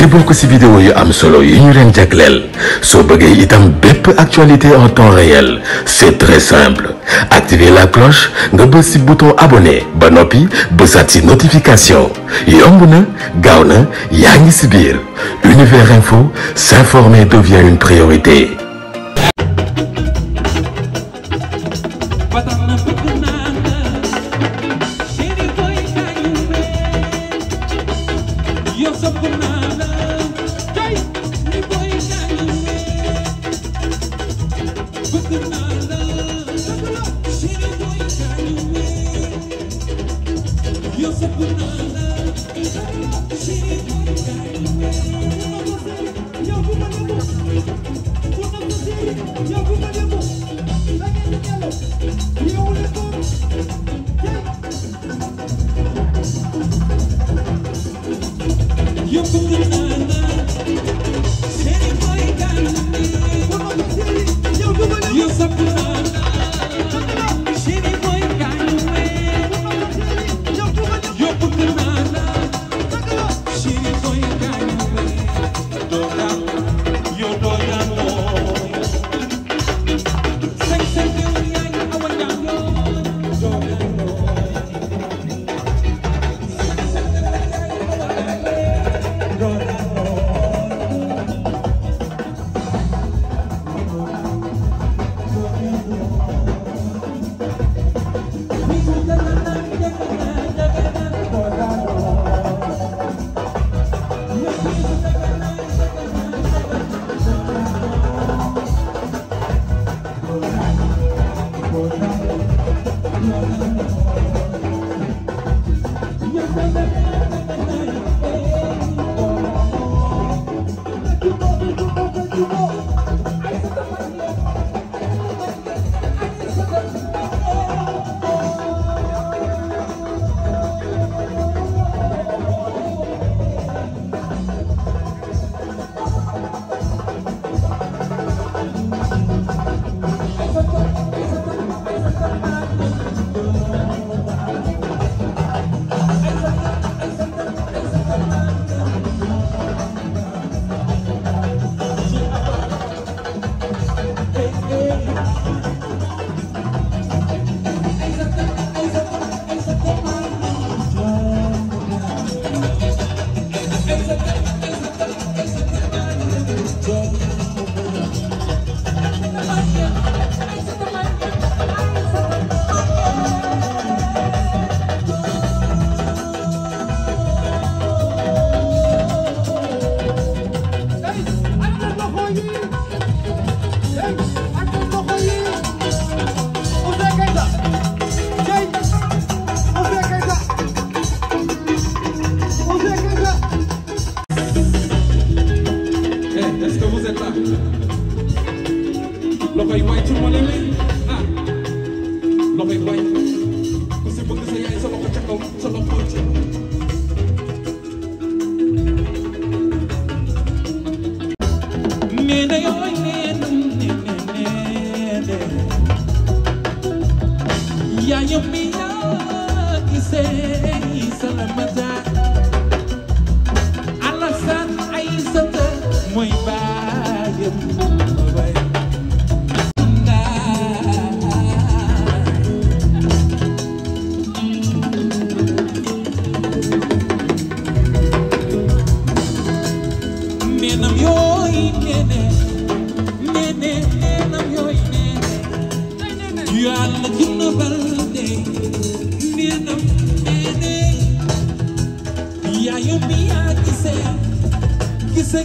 ci bokk si vidéo yu am solo yu ñu leen jagleel soo bëggee itam bépp actualité en temps réel c'est très simple activer la cloche nga bës si bouton abonné ba noppi ba bësaat si notification yomb na gaaw na yaa ngi si biir univers info s'informer devient une priorité loxo yi bañ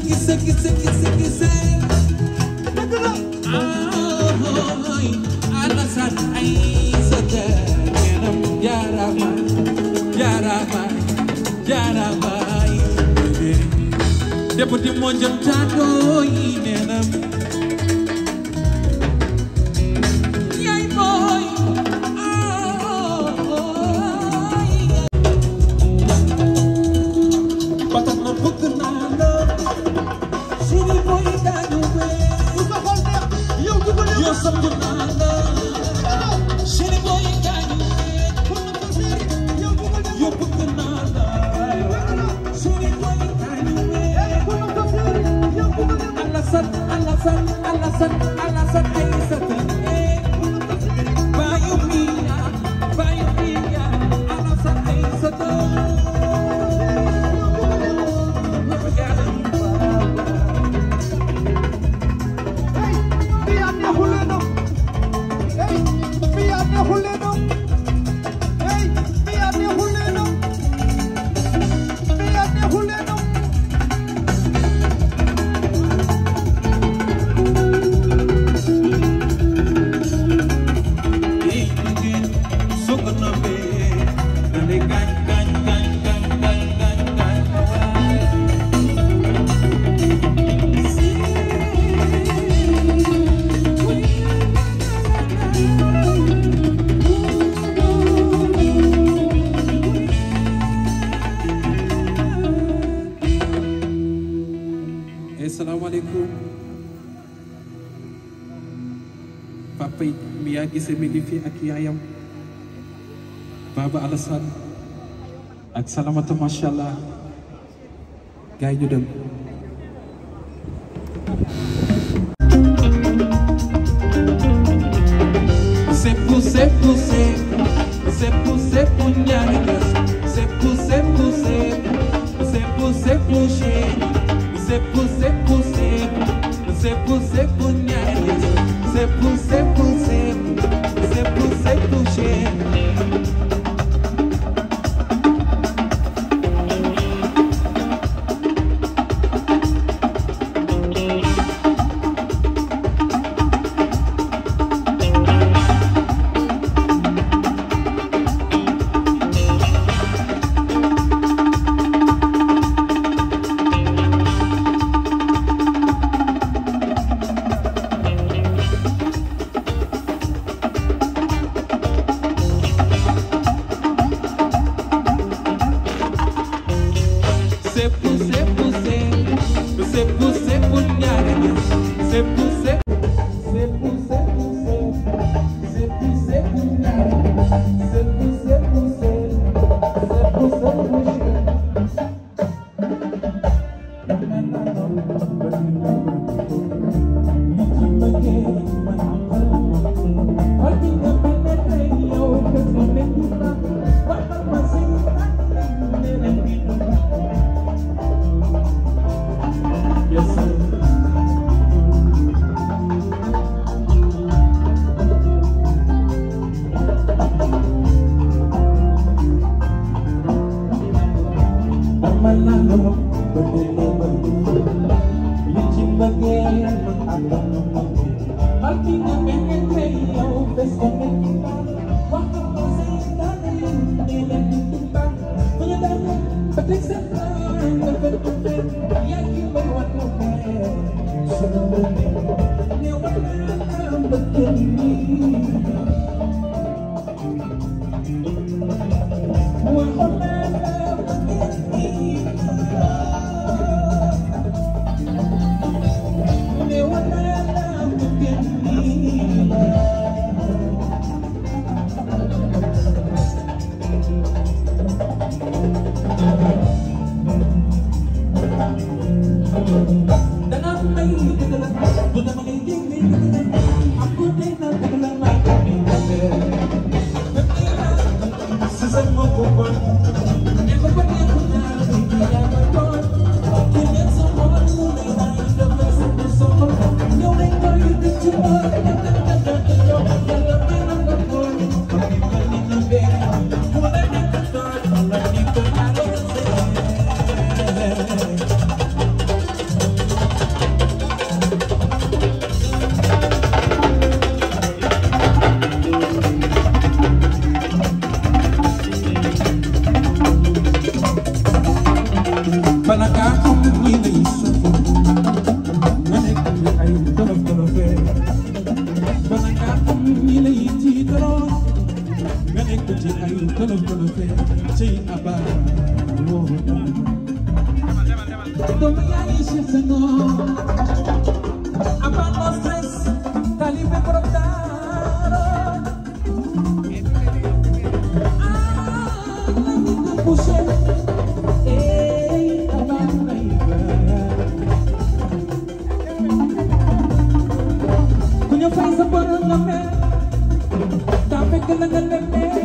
kisse kisse kisse kisse dëgg la ay Alassane Aïssata kenam jaarama jaarama jaarama ay député mo jëm Alassane Alassane Cissé mi fii ak yaayam Baba Alassane ak salamata macha allah gars yi ñu dem sa bërëb la mel daa fekk la nga demee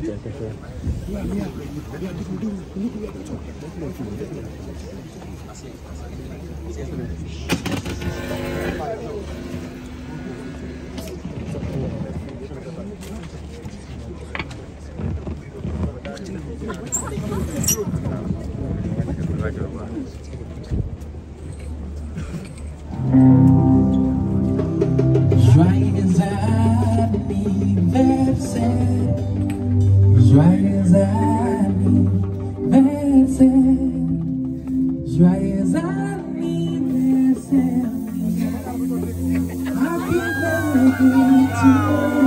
Thank you. Thank you.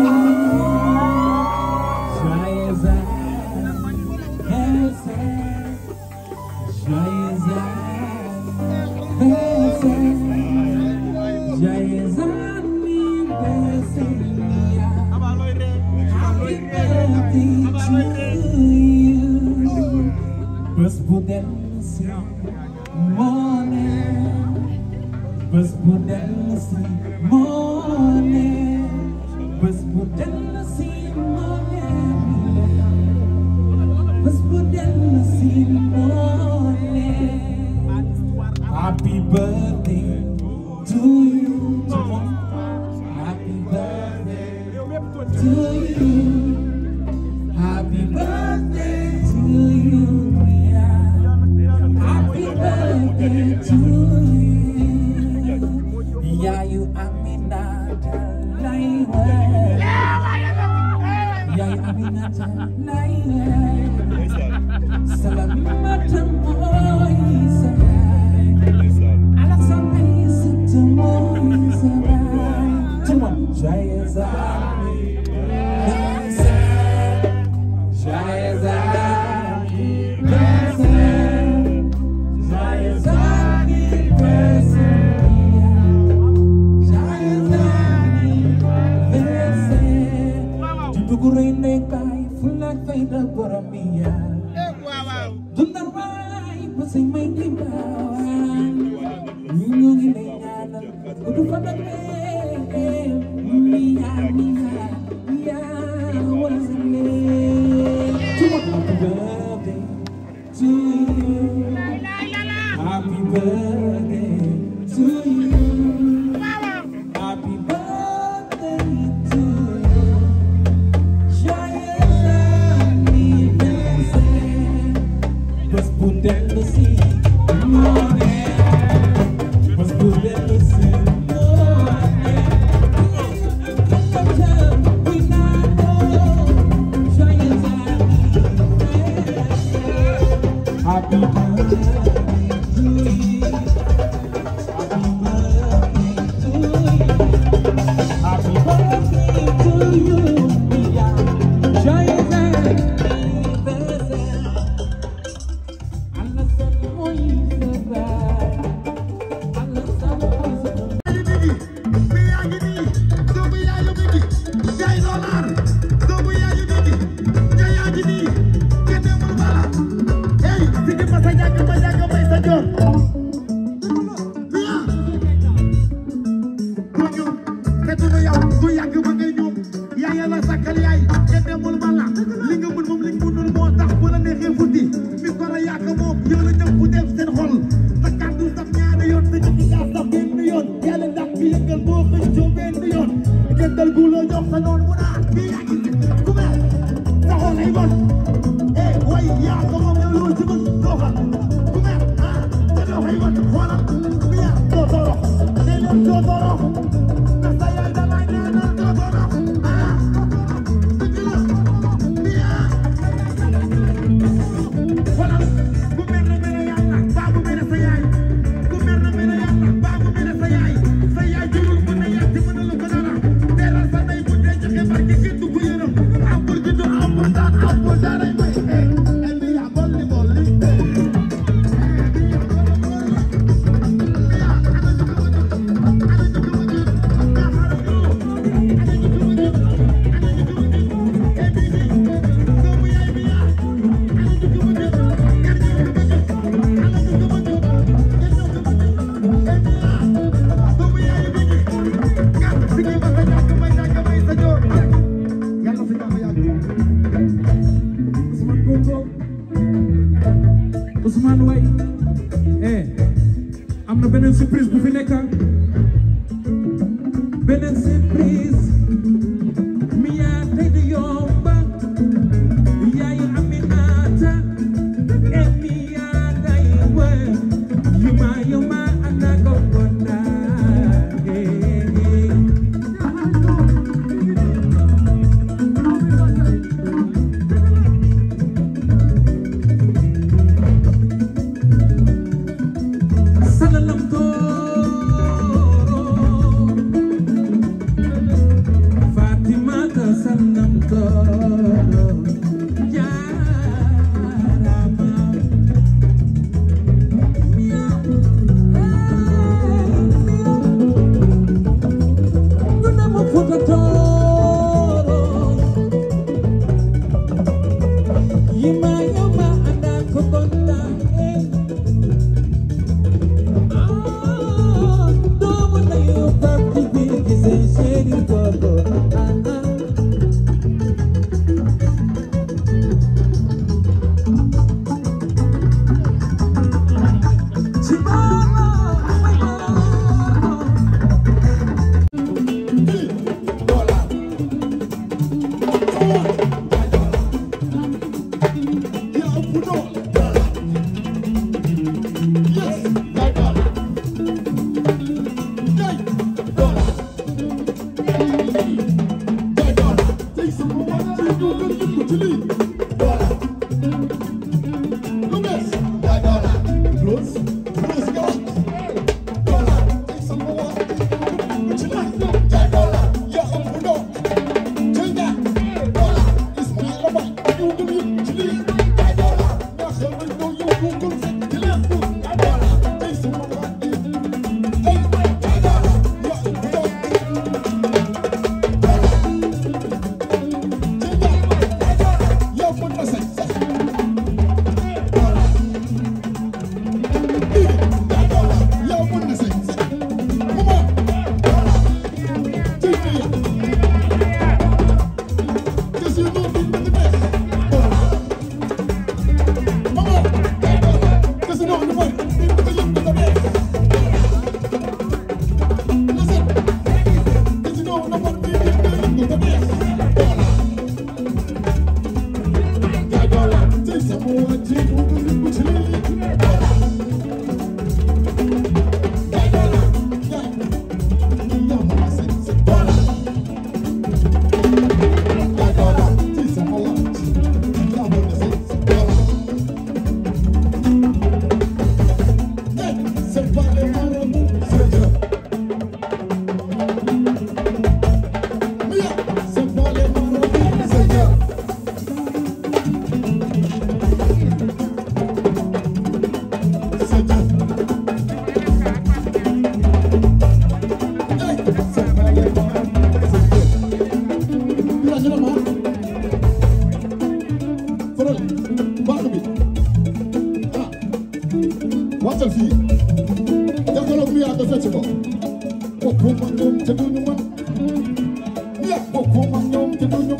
wàccal fii jàkkaloog mi yaa ko fecc ko bokkuma ñoom te duñu man ya bokkuma ñoom te duñu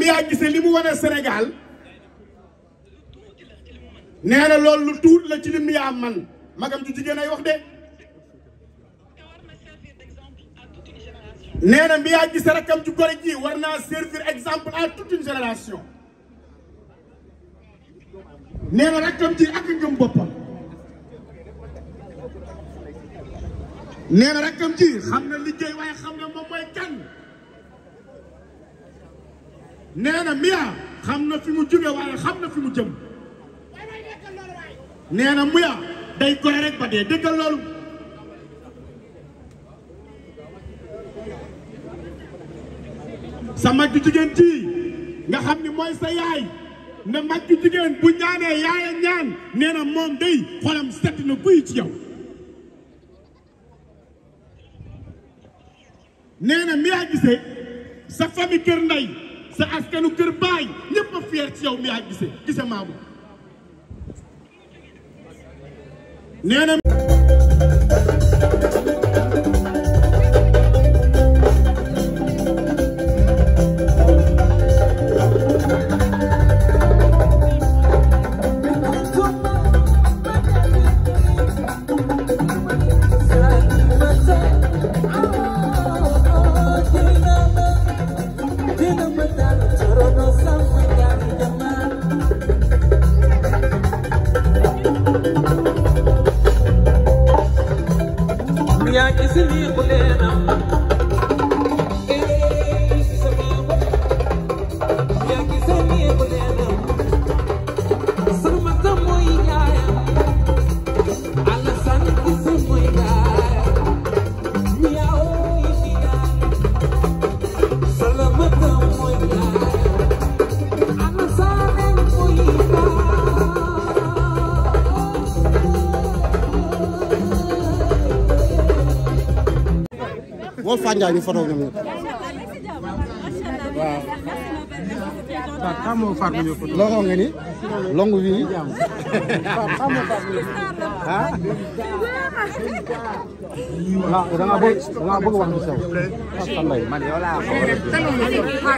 Gambia gise li mu wane Sénégal loolu lu tuut la ci lim yaa man magam ju jigéen ay wax de nee na mbiyaa gise rakkam ju gore ji war naa servir exemple à toute une génération nee na rakkam ji ak ngëm boppam nee na rakkam ji xam na liggéey waaye xam na moom mooy kan nee na xam na fi mu jóge waaye xam na fi mu jëm nee na Mia day gore rek ba dee déggal loolu sa mag jigéen ji nga xam ni mooy sa yaay ne mag ju jigéen bu ñaanee yaaya ñaan nee moom day xolam set na buy ci yaw nee na Mia gisee sa famille kër ndey sa askanu kër baay ñëpp a fier ci yow mi yaa gise gise maamu nee na yaa ngi si lii bu leena Ndiaye ñu photo ñoom ñëpp. waaw. waaw xam nga Fatou Ndiaye photo. loo xam nga ni longue vie. ah. ah da ngaa bëgg da ngaa bëgg wax lu sew. man yow laa ko war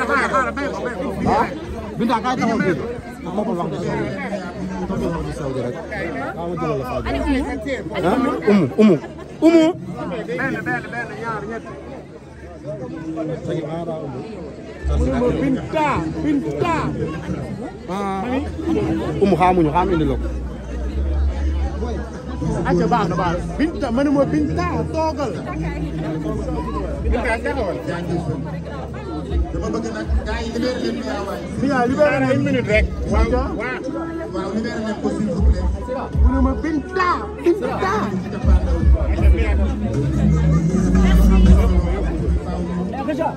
a. Ah, Binta kaay taxaw bi ma ko wax lu sew. ma ko wax lu sew rek. waaw ah, ma jëloon la Fatou. ah Umu Umu Umu. benn benn benn ñaar ñett. binta binta umu xaamuñu xaam indi lok acca baax na binta manuma binta binta taxawal dama bëgg nag gars yi libéré rek waaw waaw libéré leen binta binta Bakacağım.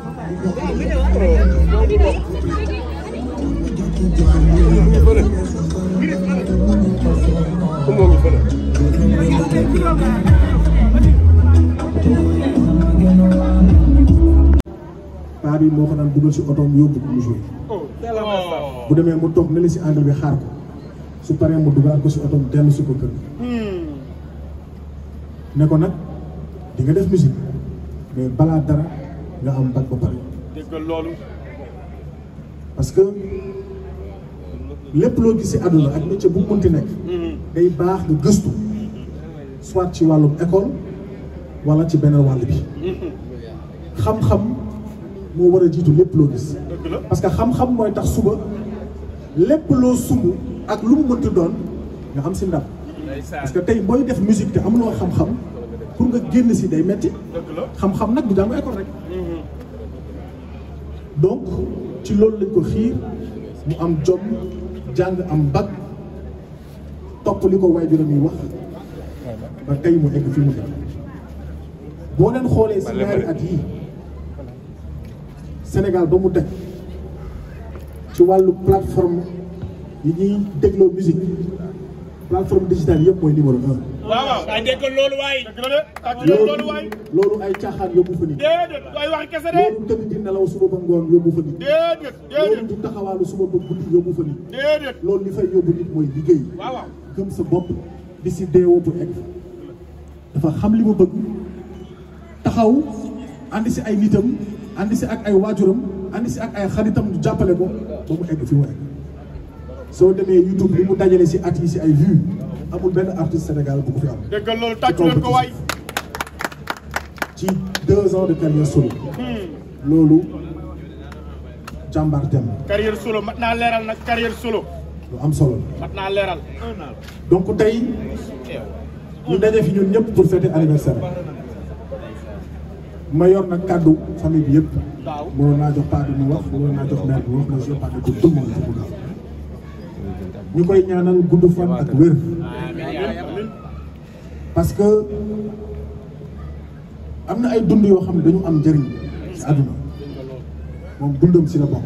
Bir de var. Bir de. paa bi moo ko dugal si otoom yóbbu mu joué bu demee mu toog ne si ànd bi xaar ko su paree mu dugal ko si otoom dellu si ko kër hmm. ne ko nag di nga def musique mais balaa dara nga am bac ba pare. déggal loolu. parce que lépp loo gis si àdduna ak métier bu mu munti nekk. Mm-hmm. day baax nga gëstu. soit ci wàllum école wala ci beneen wàll bi. Mm-hmm. xam-xam moo war a jiitu lépp loo gis. parce que xam-xam mooy tax suba lépp loo sumb ak lu mu mënti doon nga am si ndam. parce que tey booy def musique te amuloo xam-xam pour nga génn si day metti xam-xam nag du jàng école. donc ci loolu lañ ko xiir mu am jom jàng am bac topp li ko waajuram yi wax ba tey mu egg fi mu nekk boo leen xoolee si ñaari at yii Sénégal ba mu teg ci wàllu plateforme yi ñuy dégloo musique plateforme digitale yëpp mooy numéro un waaw waaw ay dégg loolu waay. loolu loolu ay caaxaan yóbbu fa nit. déedéet ay wax kese de. loolu tëdd di suba ba yóbbu fa nit. déedéet loolu du taxawaalu suba ba yóbbu fa nit. loolu li fay yóbbu nit mooy liggéey. waaw waaw gëm sa bopp di dafa xam li mu bëgg taxaw andi si ay nitam andi si ak ay waajuram andi si ak ay xaritam ñu jàppale ko ba mu egg fi mu soo demee YouTube bi mu dajale si at yi si ay vues. amul benn artiste Sénégal bu ko fi am. dégg nga loolu tàcc leen ko waay. ci deux ans de carrière solo. Hmm. loolu jàmbaar dem. solo leeral nag carrière solo. lu am solo la. leeral. donc tey ñu daje fi ñun ñëpp pour fêter anniversaire mayor yor nag kàddu famille bi yëpp. waaw mënoon naa jox paa bi mu wax mënoon naa jox mère bi wax mais je parle de tout koy ñaanal gudd fan ak wér. parce que am na ay dund yoo xam ne dañu am njëriñ ci àdduna moom dundam si la bokk.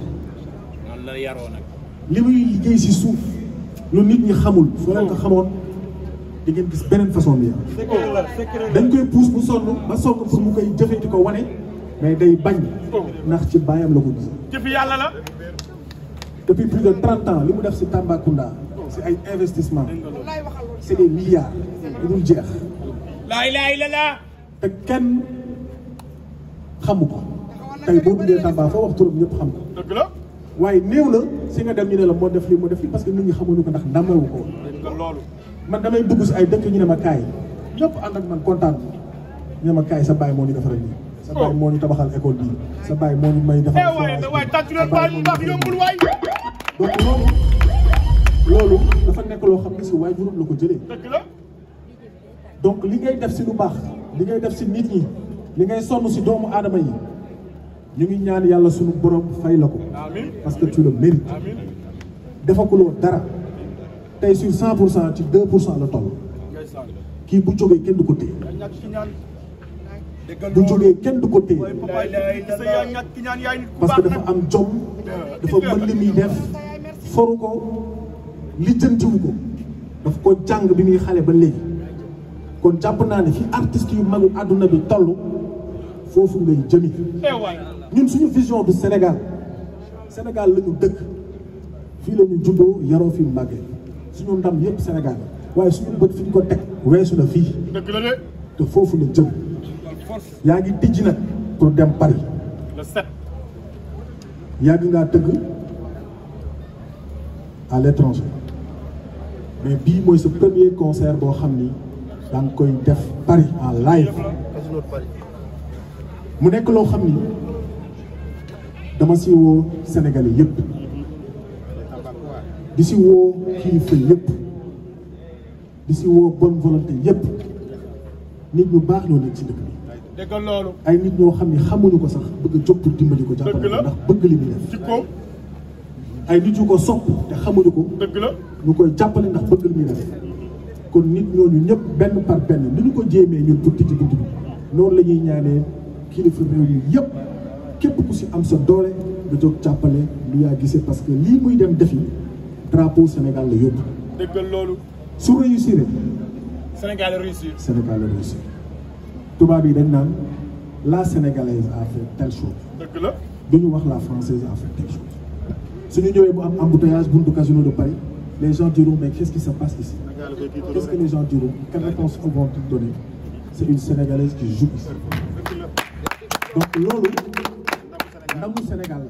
la yaroo li muy liggéey si suuf lu nit ñi xamul. soo leen ko xamoon di ngeen gis beneen façon bi dañ koy puus bu sonn ba sonn su mu koy jëfee di ko wane mais day bañ ndax ci bàyyam la ko gis. jëf yàlla la. depuis plus de trente ans li mu def si Tambacounda si ay investissement c'est des milliards. bu dul jeex. laa te kenn xamu ko tey boo duggee Tamba foo wax turam ñëpp xam ko. dëgg waaye néew la si nga dem ñu ne la moo def lii moo def lii parce que nit ñi xamuñu ko ndax ndàmmewu ko man damay dugg si ay dëkk ñu ne ma kaay ñëpp ànd ak man kontaan ñu ne ma kaay sa baay moo ñu defaral nii. sa baay oh. moo ñu tabaxal école bii sa baay moo ñu may defal. forage bi sa moo ñu yombul loolu dafa nekk loo xam ne si waajuram la ko jëlee. donc li ngay def si lu baax li ngay def si nit ñi li ngay sonn si doomu aadama yi ñu ngi ñaan yàlla suñu borom fay la ko parce que tu le mérites defakuloo dara tey sur cent pour cent ci pour cent la toll kii bu jógee kenn du ko téye bu kenn du ko téye parce que dafa am jom dafa mën li muy def foru ko lijjantiwu ko daf ko jàng bi muy xale ba léegi kon jàpp naa ne fi artistes yu magu àdduna bi tollu foofu ngay jëmi su suñu vision du Sénégal Sénégal la dëkk fii la ñu juddoo yaroo fi màggee suñu ndam yëpp Sénégal waaye suñu bët fi ñu ko teg weesu la fii te foofu la jëm yaa ngi tijji nag pour dem Paris yàgg ngaa tëgg à l'étranger mais bii mooy sa premier concert boo xam ni da nga koy def Paris en mu nekk loo xam ni dama si woo Sénégalais yëpp di si woo kilifa yëpp di si woo bonne volonté yëpp nit ñu baax ñoo nekk ci dëkk bi. ay nit ñoo xam ne xamuñu ko sax bëgg a jóg pour dimbali ko jàppale ko ndax bëgg li muy def ay nit yu ko sopp te xamuñu ko ñu koy jàppale ndax bëgg li muy def. kon nit ñooñu ñëpp benn par benn ni ñu ko jéemee ñun pour tijji bunt bi noonu la ñuy ñaanee kilifa réew yi yëpp képp ku si am sa doole da jóg càppale lu yaa gisee parce que lii muy dem defi drapeau Sénégal la yóbbu. loolu. su réussir. Sénégal réussir. tubaab yi dañ naan la sénégalaise a fait telle la du wax la française a fait telle chose. su ñu ñëwee bu am embouteillage buntu casino de Paris. les gens diront, mais qu'est-ce se passe ici Qu'est-ce que les gens diront Quelle réponse une Sénégalaise qui joue donc loolu ndamu Sénégal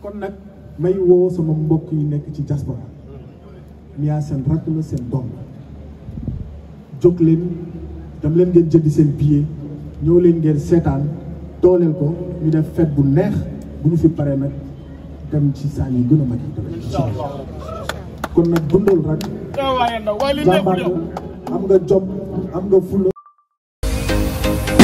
kon nag may woo sama mbokk yi nekk ci diaspora Mia seen rakk la seen doom la jóg leen ngeen jëndi seen billet ñëw leen ngeen seetaan dooleel ko ñu def fête bu neex bu ñu fi pare nag dem ci saal yu gën a mag yi kon nag dundal rek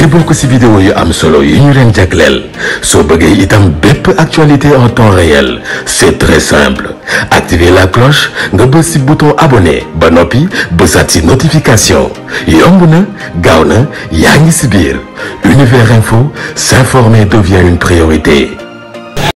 am bokk ci vidéo yu am solo yi ñu leen jagleel soo bëggee itam bépp actualité en temps réel c'est très simple activer la cloche nga bës ci bouton abonné ba noppi bësaat ci notification yomb na yaa ngi ci univers info s'informer devient une priorité